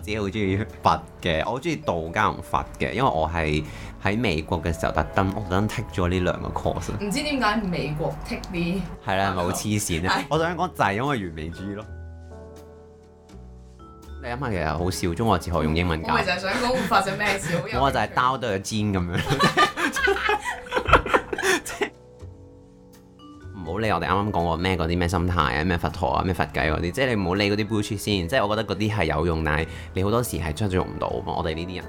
我自己好中意佛嘅，我好中意道家同佛嘅，因為我係喺美國嘅時候特登，我特登 take 咗呢兩個 course。唔知點解美國 take 啲，k 係啦，咪好黐線咧。的 我想講就係因為完美主義咯。 你諗下其實好笑，中國哲學用英文教。我，想發 我就係想講發出咩笑音？我就係刀都有尖咁樣。你，我哋啱啱講過咩？嗰啲咩心態啊，咩佛陀啊，咩佛偈嗰啲，即係你唔好理嗰啲 boots 先，即係我覺得嗰啲係有用，但係你好多時係做唔到。我哋呢啲人，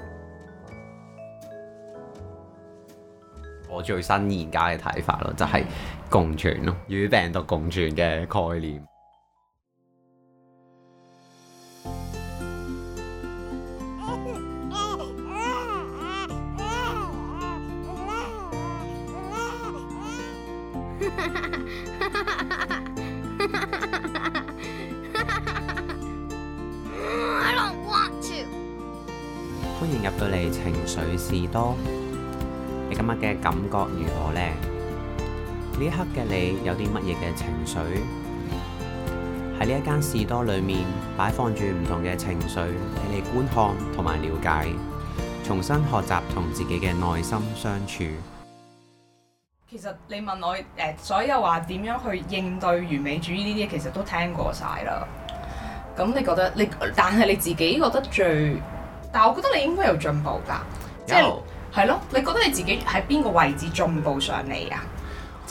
我最新而家嘅睇法咯，就係共存咯，與病毒共存嘅概念。乜嘢嘅情緒喺呢一間士多裏面擺放住唔同嘅情緒，俾你觀看同埋了解，重新學習同自己嘅內心相處。其實你問我誒，所有話點樣去應對完美主義呢啲嘢，其實都聽過晒啦。咁你覺得你，但係你自己覺得最，但我覺得你應該有進步噶，即係係咯。你覺得你自己喺邊個位置進步上嚟啊？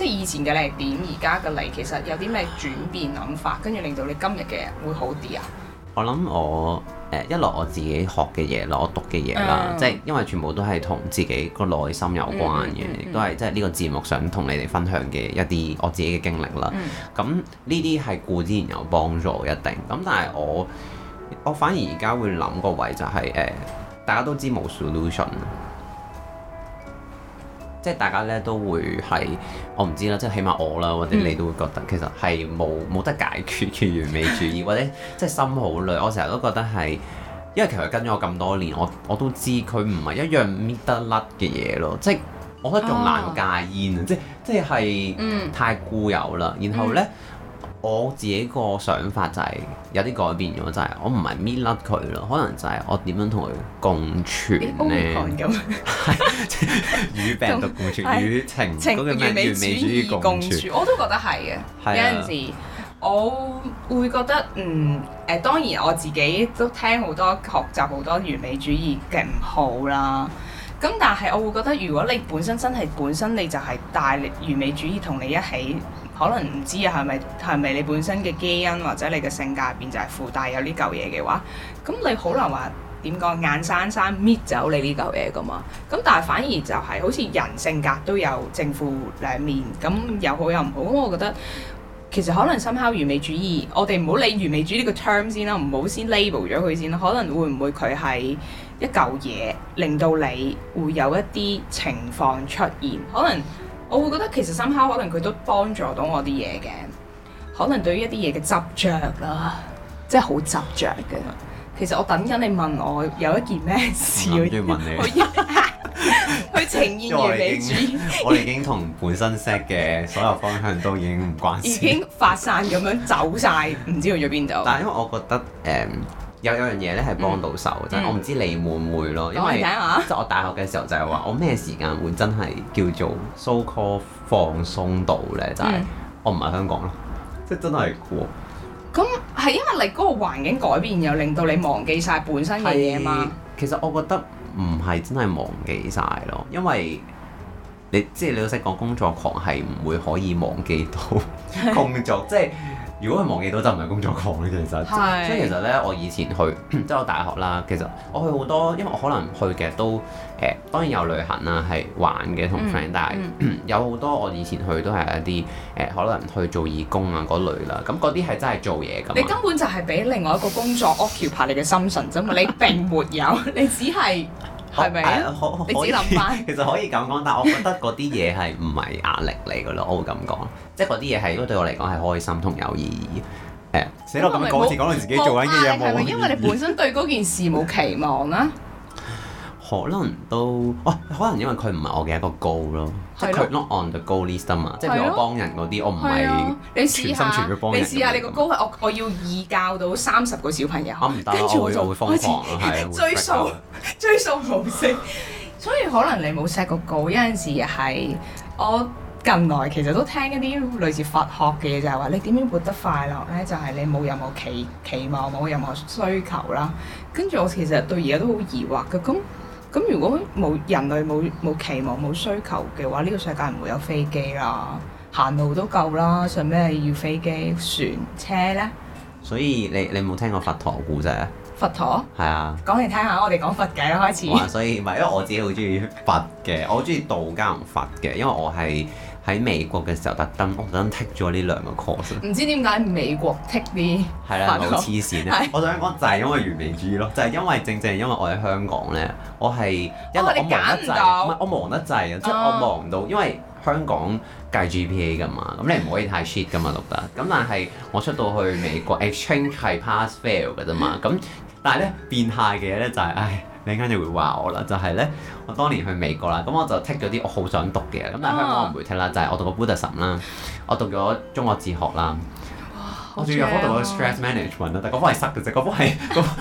即係以前嘅你點，而家嘅你其實有啲咩轉變諗法，跟住令到你今日嘅會好啲啊？我諗我誒、呃、一來我自己學嘅嘢啦，我讀嘅嘢啦，嗯、即係因為全部都係同自己個內心有關嘅，亦、嗯嗯嗯、都係即係呢個節目想同你哋分享嘅一啲我自己嘅經歷啦。咁呢啲係固之然有幫助一定，咁但係我我反而而家會諗個位就係、是、誒、呃，大家都知冇 solution。即係大家咧都會係，我唔知啦，即係起碼我啦，或者你都會覺得其實係冇冇得解決嘅完美主義， 或者即係心好累。我成日都覺得係，因為其實跟咗我咁多年，我我都知佢唔係一樣搣得甩嘅嘢咯。即係我覺得仲難戒煙啊！即係即係太固有啦。然後咧。Oh. 我自己個想法就係、是、有啲改變咗，就係、是、我唔係搣甩佢咯，可能就係我點樣同佢共存咧？係 與病毒共存，跟與情完情美主義共存。共存，我都覺得係嘅。是啊、有陣時我會覺得，嗯，誒、呃，當然我自己都聽好多，學習好多完美主義嘅唔好啦。咁但係我會覺得，如果你本身真係本身你就係大力完美主義同你一起。可能唔知啊，係咪係咪你本身嘅基因或者你嘅性格入邊就係附帶有呢舊嘢嘅話，咁你好難話點講，硬生生搣走你呢舊嘢噶嘛？咁但係反而就係、是、好似人性格都有正負兩面，咁又好又唔好。咁我覺得其實可能深烤完美主義，我哋唔好理完美主義呢個 term 先啦，唔好先 label 咗佢先啦。可能會唔會佢係一舊嘢令到你會有一啲情況出現可能。我會覺得其實 somehow，可能佢都幫助到我啲嘢嘅，可能對於一啲嘢嘅執着啦，即係好執着嘅。其實我等緊你問我有一件咩事要問你，佢已 呈現嘅你主，我哋已經同本身 set 嘅所有方向都已經唔關事，已經發散咁樣走晒，唔知去咗邊度。 但係因為我覺得誒。Um, 有有樣嘢咧係幫到手，嗯、就係我唔知你會唔會咯。嗯、因為即係、啊、我大學嘅時候就係話我咩時間會真係叫做 so call 放鬆到咧，就係、是、我唔喺香港咯，即、就、係、是、真係喎。咁係、嗯、哇因為你嗰個環境改變，又令到你忘記晒本身嘅嘢嘛？其實我覺得唔係真係忘記晒咯，因為你即係、就是、你老實講工作狂係唔會可以忘記到工作，即係是。就是如果佢忘記到就唔係工作狂呢？其實，是所以其實咧，我以前去即係我大學啦，其實我去好多，因為我可能去嘅都誒、呃，當然有旅行啦，係玩嘅同 friend，但係有好多我以前去都係一啲誒、呃，可能去做義工啊嗰類啦，咁嗰啲係真係做嘢㗎。你根本就係俾另外一個工作 occupy 你嘅心神啫嘛，你並沒有， 你只係。係咪啊？可你自己諗翻。其實可以咁講， 但係我覺得嗰啲嘢係唔係壓力嚟嘅咯，我會咁講。即係嗰啲嘢係，如果對我嚟講係開心同有意義。誒、哎，寫落去講時講到自己做緊嘅嘢冇。因為你本身對嗰件事冇期望啦、啊。 可能都，哦，可能因為佢唔係我嘅一個 goal 咯，即係佢 not on the goal list 啊嘛，即係譬如我幫人嗰啲，我唔係全心全意幫人。你試下，你試下你個 goal 係我，我要義教到三十個小朋友。我唔得啊，我會瘋狂，係追數追數模式。所以可能你冇 set 個 goal。有陣時係我近來其實都聽一啲類似佛學嘅嘢，就係話你點樣活得快樂咧？就係你冇任何期期望，冇任何需求啦。跟住我其實對而家都好疑惑嘅，咁。咁如果冇人類冇冇期望冇需求嘅話，呢個世界唔會有飛機啦，行路都夠啦，使咩要飛機船車呢？所以你你冇聽過佛陀嘅故事陀啊？佛陀係啊，講嚟聽下，我哋講佛偈啦，開始。哇！所以唔係因為我自己好中意佛嘅，我好中意道家同佛嘅，因為我係。喺美國嘅時候特登，我特登 take 咗呢兩個 course。唔知點解美國 take 啲，係啦了，老黐線咧。 我想講就係因為完美主義咯，就係、是、因為正正因為我喺香港咧，我係因為我忙得滯，唔係、哦、我忙得滯啊，即係我忙唔、就是、到，哦、因為香港計 GPA 噶嘛，咁你唔可以太 shit 噶嘛，六達。咁但係我出到去美國，exchange 係 pass fail 嘅啫嘛。咁但係咧、嗯、變態嘅嘢咧就係、是、唉。會你依家就會話我啦，就係、是、咧，我當年去美國啦，咁我就剔咗啲我好想讀嘅，咁但係香港我唔會剔 a 啦，就係、是、我讀個 Buddhism 啦，我讀咗中國哲學啦，啊、我仲有好讀咗 stress management，但係嗰科係塞嘅啫，嗰科係，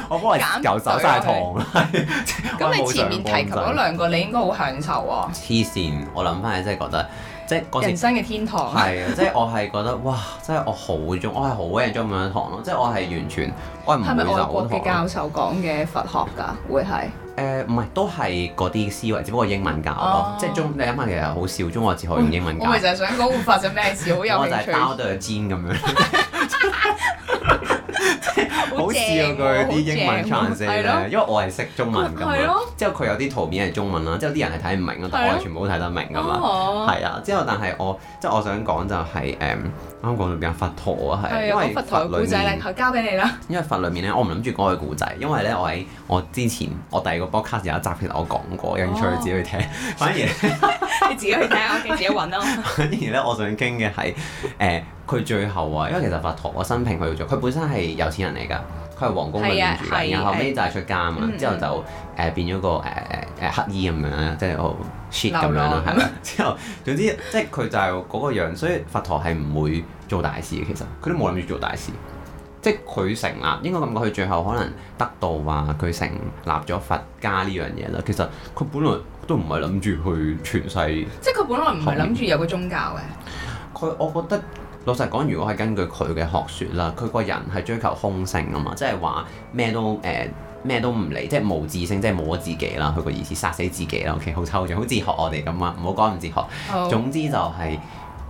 我嗰科係又走晒堂，即咁 你前面提及嗰兩個，你應該好享受喎、啊。黐線，我諗翻起真係覺得。即係人生嘅天堂係啊！即係我係覺得哇！真係我好中，我係好愛中咁樣堂咯！ 即係我係完全，我唔係唔係外國嘅教授講嘅佛學㗎，會係誒唔係都係嗰啲思維，只不過英文教咯，哦、即係中你諗下，白其實好少中國哲學只可以用英文教。我咪就係想講會發生咩事，好 有興趣。我咪就係包對煎咁樣。好正啊！佢啲英文 trans 因為我係識中文噶嘛，之後佢有啲圖片係中文啦，之後啲人係睇唔明，但我係，全部都睇得明噶嘛，係啊。之後但係我即係我想講就係誒，啱講到邊佛陀啊，係因為佛陀古仔咧，我交俾你啦。因為佛裏面咧，我唔諗住講佢古仔，因為咧我喺我之前我第二個 podcast 有一集，其實我講過，有興趣自己去聽。反而你自己去睇，我自己揾啊。反而咧，我想傾嘅係誒。佢最後啊，因為其實佛陀，我生平，佢做，佢本身係有錢人嚟㗎，佢係皇宮裡面住嘅，然後後屘就係出家啊嘛，之後就誒變咗個誒誒誒乞兒咁樣，即係好 shit 咁樣啦，係啦。之後總之即係佢就係嗰個樣，所以佛陀係唔會做大事嘅。其實佢都冇諗住做大事，嗯、即係佢成立，應該感覺佢最後可能得到話佢成立咗佛家呢樣嘢啦。其實佢本來都唔係諗住去傳世，即係佢本來唔係諗住有個宗教嘅。佢我覺得。老實講，如果係根據佢嘅學說啦，佢個人係追求空性啊嘛，即係話咩都誒咩、呃、都唔理，即係無自性，即係冇咗自己啦，佢個意思殺死自己啦，OK，好抽象，好哲學、學，我哋咁啊，唔好講唔哲學，總之就係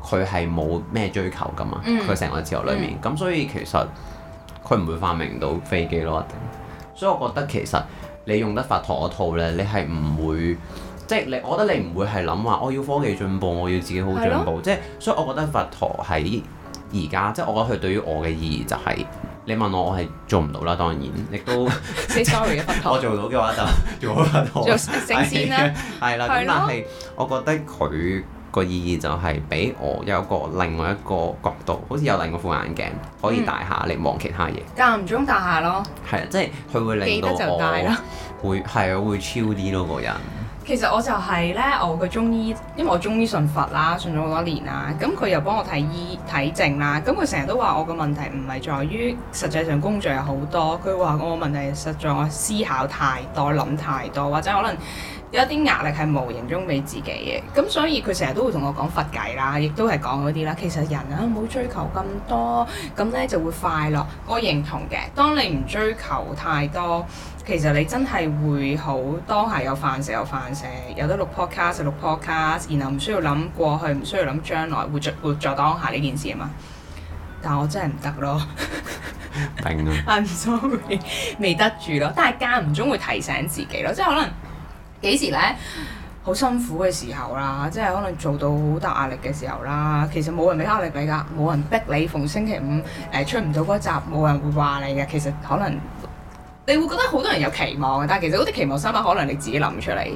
佢係冇咩追求噶嘛，佢成、嗯、個哲學裏面，咁、嗯、所以其實佢唔會發明到飛機咯，一定，所以我覺得其實你用得佛陀嗰套咧，你係唔會。即係你，我覺得你唔會係諗話，我要科技進步，我要自己好進步。即係，所以我覺得佛陀喺而家，即係我覺得佢對於我嘅意義就係、是，你問我我係做唔到啦，當然亦都。say sorry 啊，佛陀、就是。我做到嘅話就做佛陀，先啦。係啦，但係我覺得佢個意義就係、是、俾我有個另外一個角度，好似有另外副眼鏡可以戴下你望其他嘢。間唔中戴下咯。係啊，即係佢會令到我。記得就戴啦。會係啊，會超啲咯，個人。其實我就係呢，我個中醫，因為我中醫信佛啦，信咗好多年啦，咁佢又幫我睇醫睇症啦，咁佢成日都話我個問題唔係在於實際上工作有好多，佢話我個問題實在我思考太多，諗太多，或者可能。有一啲壓力係無形中俾自己嘅，咁所以佢成日都會同我講佛偈啦，亦都係講嗰啲啦。其實人啊，唔好追求咁多，咁咧就會快樂。我認同嘅。當你唔追求太多，其實你真係會好當下有飯食，有飯食，有得錄 podcast，就錄 podcast，Pod Pod 然後唔需要諗過去，唔需要諗將來，活在活在當下呢件事嘛。但我真係唔得咯 定了，係唔 sorry，未得住咯。但係間唔中會提醒自己咯，即係可能。幾時咧？好辛苦嘅時候啦，即係可能做到好大壓力嘅時候啦。其實冇人俾壓力你㗎，冇人逼你逢星期五誒、呃、出唔到嗰集，冇人會話你嘅。其實可能。你會覺得好多人有期望，但係其實嗰啲期望三百可能你自己諗出嚟，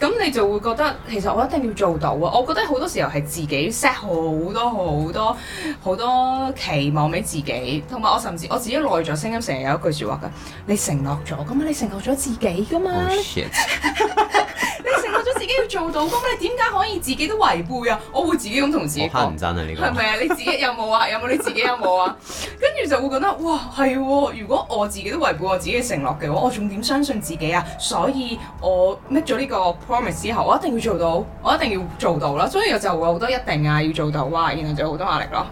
咁你就會覺得其實我一定要做到啊！我覺得好多時候係自己 set 好多好多好多期望俾自己，同埋我甚至我自己內在聲音成日有一句説話㗎：你承諾咗，咁你承諾咗自己㗎嘛？Oh shit. 你承諾咗自己要做到嘅，你點解可以自己都違背啊？我會自己咁同自己。黑人憎啊呢個，係咪啊？你自己有冇啊？有冇你自己有冇啊？跟住就會覺得哇係喎！如果我自己都違背我自己嘅承諾嘅話，我仲點相信自己啊？所以我 make 咗呢個 promise 之後，我一定要做到，我一定要做到啦。所以我就會好多一定啊，要做到哇！然後就好多壓力咯。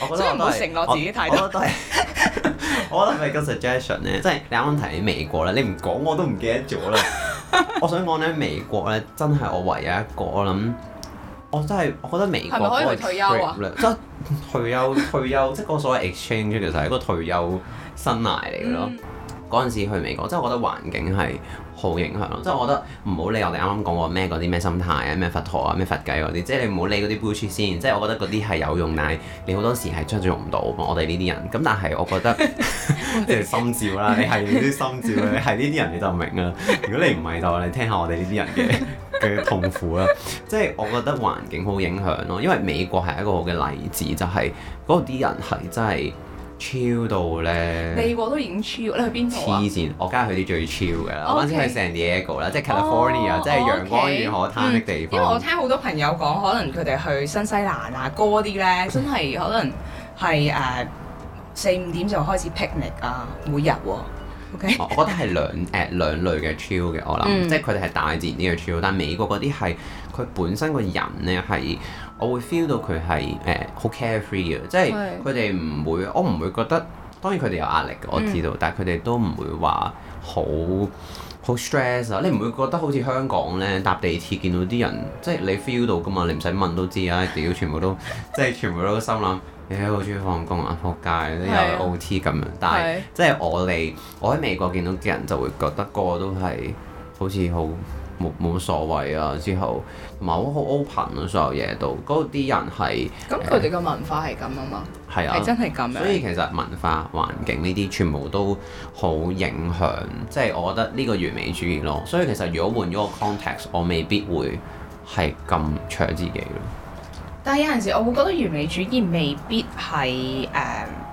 我覺得唔好 承諾自己太多我我我。我覺得咪個 suggestion 咧、啊， 即係你啱啱提起美國啦，你唔講我都唔記得咗啦。 我想講咧，美國咧真係我唯一一個，我諗我真係我覺得美國，即退休、啊、 即退休，退休 即係嗰個所謂 exchange 其實係一個退休生涯嚟嘅咯。嗰陣、嗯、時去美國，即係我覺得環境係。好影響咯，即係我覺得唔好理我哋啱啱講過咩嗰啲咩心態啊、咩佛陀啊、咩佛偈嗰啲，即係你唔好理嗰啲 bullshit 先，即係我覺得嗰啲係有用，但係你好多時係真係用唔到。我哋呢啲人，咁但係我覺得即係 心照啦，你係呢啲心照，你係呢啲人你就明啦。如果你唔係就你聽下我哋呢啲人嘅嘅 痛苦啦。即係我覺得環境好影響咯，因為美國係一個好嘅例子，就係嗰啲人係真係。超到咧！美國都已經超你去邊度、啊？黐線，我梗係去啲最超嘅啦，我嗰時 Okay. 去 San Diego 啦，即係 California，即係、oh, 陽光與海、oh, okay. 灘的地方。因為我聽好多朋友講，可能佢哋去新西蘭啊，嗰啲咧真係可能係誒四五點就開始 picnic 啊，每日喎、啊。OK，我覺得係兩誒、 呃、兩類嘅超嘅，我諗、mm. 即係佢哋係大自然呢個超，但美國嗰啲係。佢本身個人咧係，我會 feel 到佢係誒好、呃、carefree 嘅，即係佢哋唔會，我唔會覺得，當然佢哋有壓力，我知道，嗯、但係佢哋都唔會話好好 stress 啊！stress, 嗯、你唔會覺得好似香港咧搭地鐵見到啲人，即係你 feel 到噶嘛？你唔使問都知啊！屌，全部都即係 全部都心諗，哎呀好中意放工啊，撲街，又、啊、有 OT 咁樣。但係是即係我哋，我喺美國見到嘅人就會覺得個個都係好似好。冇冇所謂啊，之後，唔係好 open 啊，所有嘢都嗰啲人係咁，佢哋嘅文化係咁啊嘛，係啊，係真係咁樣。所以其實文化環境呢啲全部都好影響，即係我覺得呢個完美主義咯。所以其實如果換咗個 context，我未必會係咁錘自己咯。但係有陣時，我會覺得完美主義未必係誒。嗯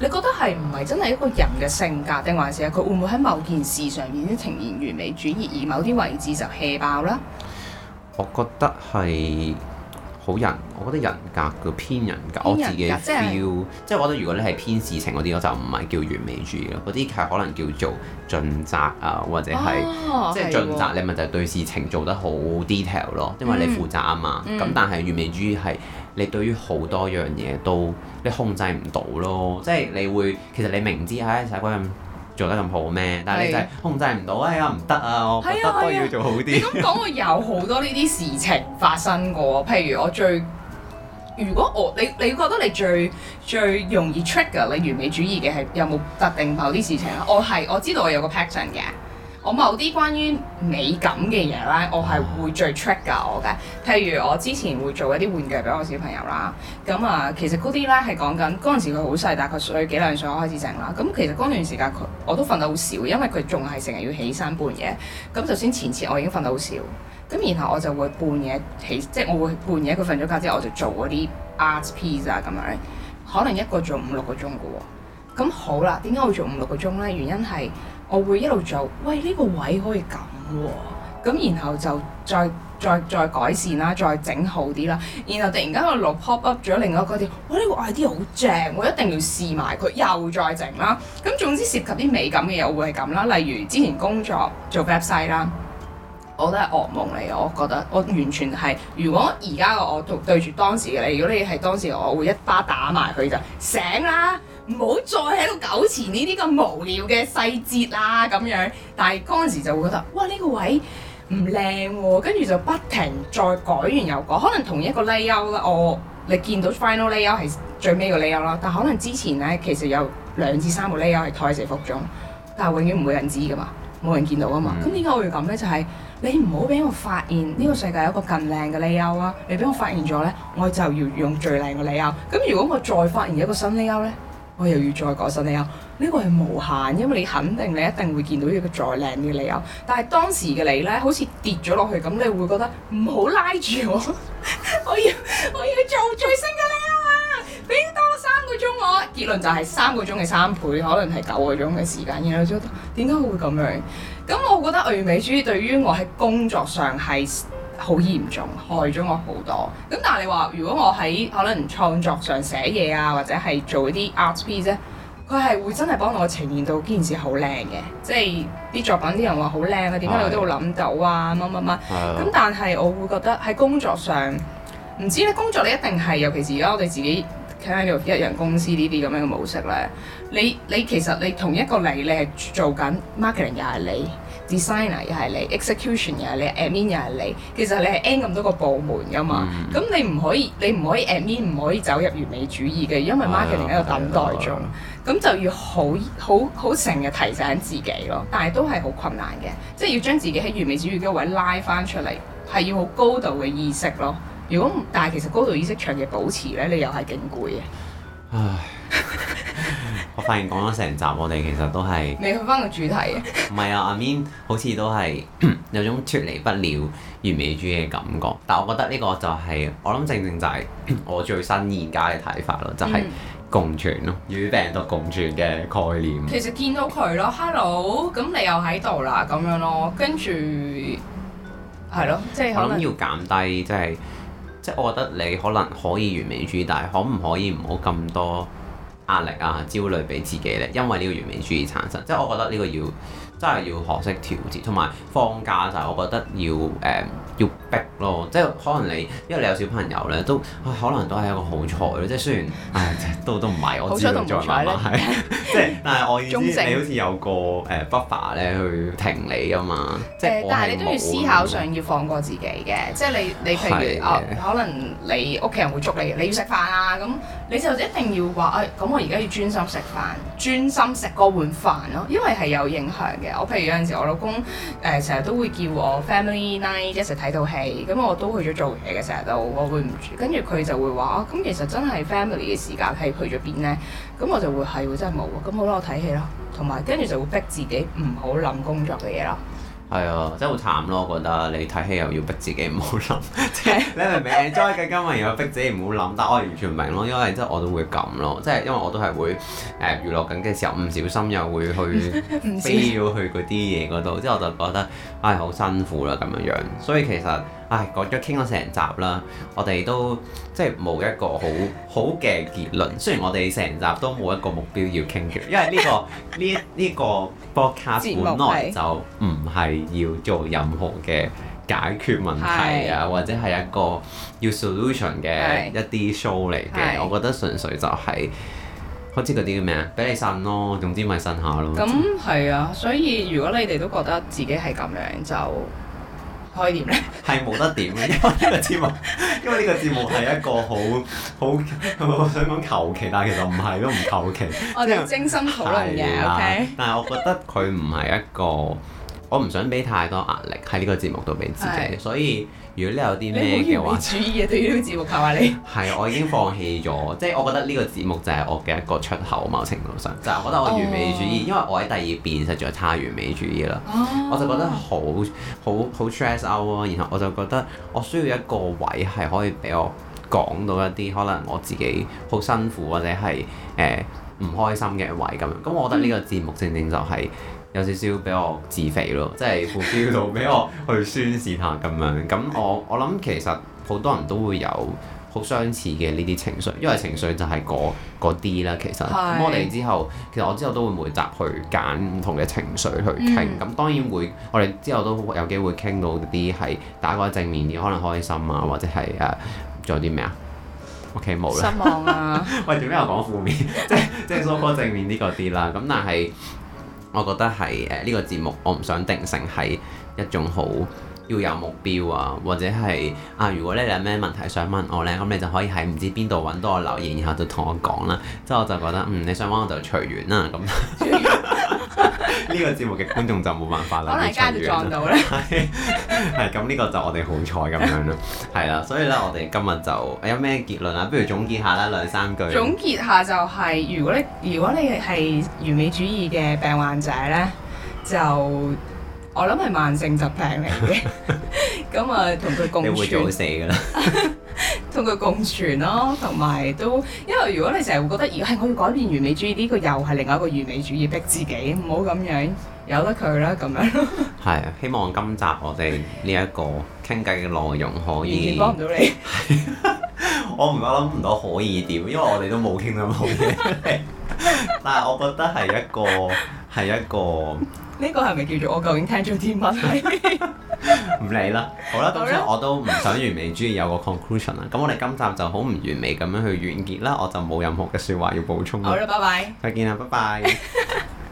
你覺得係唔係真係一個人嘅性格，定還是佢會唔會喺某件事上面呈現完美主義，而某啲位置就 hea 爆啦？我覺得係。好人，我覺得人格嘅偏人格，我自己 feel，即係是我覺得如果你係偏事情嗰啲，我就唔係叫完美主義咯。嗰啲係可能叫做盡責啊，或者係、哦、即係盡責，你咪就對事情做得好 detail 咯，因為你負責啊嘛。咁、嗯、但係完美主義係你對於好多樣嘢都你控制唔到咯，即係你會其實你明知喺，成日嗰做得咁好咩？但係你就係控制唔到，啊、哎呀唔得啊！我不得不、啊啊、要做好啲。你咁講，我有好多呢啲事情發生過。 譬如我最，如果我你你覺得你最最容易 trigger 你完美主義嘅係有冇特定某啲事情啊？我係我知道我有個 pattern 嘅。我某啲關於美感嘅嘢咧，我係會最 check 噶、er、我嘅。譬如我之前會做一啲玩具俾我小朋友啦。咁啊，其實嗰啲咧係講緊嗰陣時佢好細，大概歲幾兩歲開始整啦。咁其實嗰段時間佢我都瞓得好少，因為佢仲係成日要起身半夜。咁就先前次我已經瞓得好少，咁然後我就會半夜起，即係我會半夜佢瞓咗覺之後，我就做嗰啲 art piece 啊咁樣，可能一個做五六個鐘噶喎。咁好啦，點解我做五六個鐘咧？原因係。我會一路做，喂，呢個位可以咁喎、啊，咁然後就再再再改善啦，再整好啲啦。然後突然間個腦 pop up 咗另外一個啲，「d 哇呢個 idea 好正，我一定要試埋佢，又再整啦。咁總之涉及啲美感嘅嘢，我會係咁啦。例如之前工作做 website 啦，我都係噩夢嚟，我覺得我完全係。如果而家嘅我對住當時嘅你，如果你係當時我，會一巴打埋佢就醒啦。唔好再喺度糾纏呢啲咁無聊嘅細節啦，咁樣。但係嗰陣時就會覺得，哇呢、這個位唔靚喎，跟住就不停再改完又改。可能同一個 layout 啦，我你見到 final layout 係最尾個 layout 啦，但可能之前咧其實有兩至三個 layout 係胎死腹中，但係永遠唔會人知噶嘛，冇人見到啊嘛。咁點解我要咁咧？就係、是、你唔好俾我發現呢個世界有一個更靚嘅 layout 啊！你俾我發現咗咧，我就要用最靚嘅 layout。咁如果我再發現一個新 layout 咧？我又要再改新理由，呢、這個係無限，因為你肯定你一定會見到一個再靚嘅理由。但係當時嘅你呢，好似跌咗落去咁，你會覺得唔好拉住我， 我，我要我要做最新嘅理由啊！俾多三個鐘我，結論就係三個鐘嘅三倍，可能係九個鐘嘅時間。然後就覺得點解會咁樣？咁我覺得完美主義對於我喺工作上係好嚴重，害咗我好多。咁但係你話，如果我喺可能創作上寫嘢啊，或者係做啲 art piece 咧，佢係會真係幫我呈現到件事好靚嘅，即係啲作品啲人話好靚啊，點解你都會諗到啊？乜乜乜。咁但係我會覺得喺工作上，唔知咧工作你一定係，尤其是而家我哋自己。睇下一人公司呢啲咁樣嘅模式咧，你你其實你同一個你，你，你係做緊 marketing 又係你，designer 又係你，execution 又係你，admin 又係你，其實你係 n 咁多個部門噶嘛。咁、嗯、你唔可以，你唔可以 admin 唔可以走入完美主義嘅，因為 marketing 喺度等待中。咁、啊、就要好好好成日提醒自己咯，但係都係好困難嘅，即係要將自己喺完美主義嘅位拉翻出嚟，係要好高度嘅意識咯。如果但係其實高度意識長嘅保持呢，你又係勁攰嘅。唉， 我發現講咗成集，我哋其實都係未 去返個主題啊。唔係啊，阿 Min 好似都係 有種脫離不了完美主義嘅感覺。但係我覺得呢個就係、是、我諗正正就係我最新而家嘅睇法咯，就係、是、共存咯，嗯、與病毒共存嘅概念。其實見到佢咯，Hello，咁你又喺度啦，咁樣咯，跟住係咯，即係我諗要減低，即、就、係、是。就是即係我覺得你可能可以完美主義，但係可唔可以唔好咁多壓力啊、焦慮俾自己咧？因為呢個完美主義產生，即係我覺得呢個要真係要學識調節，同埋放假就係我覺得要誒。嗯要逼咯，即係可能你，因為你有小朋友咧，都可能都係一個好菜咯。即係雖然，唉，都都唔係，我只能再彩啦，係。即係，但係我意思，正你好似有個誒 buffer 咧去停你噶嘛。誒，但係你都要思考上要放過自己嘅，即係你你譬如的、啊、可能你屋企人會捉你，你要食飯啊，咁你就一定要話誒，咁、哎、我而家要專心食飯，專心食個碗飯咯，因為係有影響嘅。我譬如有陣時我老公誒成日都會叫我 family night，睇套戲，咁我都去咗做嘢嘅，成日都我會唔住，跟住佢就會話，「啊，咁其實真係 family 嘅時間係去咗邊呢？」咁我就會係會真係冇啊。咁好啦，我睇戲囉，同埋跟住就會逼自己唔好諗工作嘅嘢囉。係啊，真係好慘咯！我覺得你睇戲又要逼自己唔好諗，即係 你明唔明？enjoy 嘅 今日又逼自己唔好諗，但我完全唔明咯，因為即我都會咁咯，即係因為我都係會誒、呃、娛樂緊嘅時候，唔小心又會去飛咗去嗰啲嘢嗰度，之後我就覺得唉好、哎、辛苦啦咁樣樣，所以其實。唉，講咗傾咗成集啦，我哋都即係冇一個好好嘅結論。雖然我哋成集都冇一個目標要傾嘅，因為呢、呢個呢呢、 呢個 broadcast 本來就唔係要做任何嘅解決問題啊，是或者係一個要 solution 嘅一啲 show 嚟嘅。是我覺得純粹就係、是、是好似嗰啲叫咩啊，俾你信咯。總之咪信下咯。咁係啊，所以如果你哋都覺得自己係咁樣就～可以點咧？係冇得點嘅，因為呢個節目， 因為呢個節目係一個好好我想講求其，但係其實唔係都唔求其。 因為我哋精心討論嘅、啊，OK。但係我覺得佢唔係一個。我唔想俾太多壓力喺呢個節目度俾自己，的所以如果你有啲咩嘅話，完美主義啊，對呢個節目靠下你。係， 我已經放棄咗，即、就、係、是、我覺得呢個節目就係我嘅一個出口，某程度上就係、是、覺得我完美主義，oh. 因為我喺第二邊實在差完美主義啦，oh. 我就覺得好好好 stress out 咯。然後我就覺得我需要一個位係可以俾我講到一啲可能我自己好辛苦或者係誒唔開心嘅位咁樣。咁我覺得呢個節目正正就係、是。有少少俾我自肥咯，即係負面度俾我去宣泄下咁樣。咁我我諗其實好多人都會有好相似嘅呢啲情緒，因為情緒就係嗰啲啦。其實咁是我哋之後，其實我之後都會每集去揀唔同嘅情緒去傾。咁、嗯、當然會，我哋之後都有機會傾到啲係打過正面嘅，可能開心啊，或者係誒做啲咩啊。O K，冇啦。Okay, 失望啊！ 喂，做咩又講負面？ 即即係多講正面呢嗰啲啦。咁但係。我覺得係誒呢個節目，我唔想定性係一種好要有目標啊，或者係啊，如果咧你，你有咩問題想問我咧，咁你就可以喺唔知邊度揾到我留言，然後就同我講啦。即係我就覺得嗯，你想揾我就隨緣啦咁。 呢個節目嘅觀眾就冇辦法啦，可能而家撞到咧。係，係咁呢個就我哋好彩咁樣咯。係啦，所以咧我哋今日就有咩結論啊？不如總結下啦，兩三句。總結下就係，如果你如果你係完美主義嘅病患者咧，就我諗係慢性疾病嚟嘅。咁啊，同佢共存。你會早死㗎啦。同佢共存咯、啊，同埋都，因為如果你成日會覺得，而係我要改變完美主義呢佢、呢個、又係另外一個完美主義逼自己，唔好咁樣，由得佢啦咁樣。係啊，希望今集我哋呢一個傾偈嘅內容可以完全幫唔到你。我唔、啊，我諗唔到可以點，因為我哋都冇傾到好嘢。 但係我覺得係一個係一個呢個係咪叫做我究竟聽咗啲乜？ 唔理啦，好啦，咁吧、嗯、所以我都唔想完美主義有個 conclusion 啦。咁我哋今集就好唔完美咁樣去完結啦，我就冇任何嘅説話要補充啦。好啦，拜拜。再見啦，拜拜。